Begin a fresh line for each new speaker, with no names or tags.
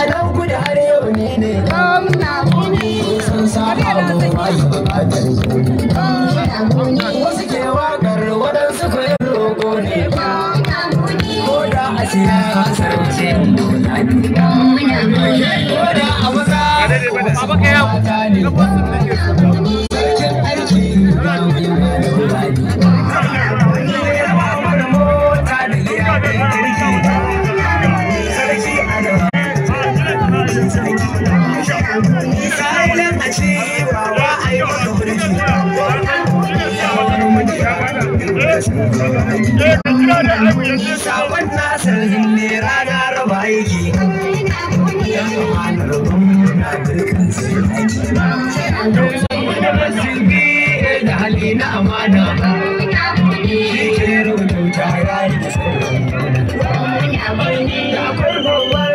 adan kudu har yau ne ne na muni sun saba mu masu bukatar gwamna wasu ke wakar waɗansu koyar roƙo ne gwamna muni ko da a siya kasar waje na muni ko da a maza ko a mata ne
Sabon nasar hinne rana raba aiki. Yan amanar gwamna dukkan su aiki. Sun bi da hali na amana. Shi ke rubuta ya yi tsoro.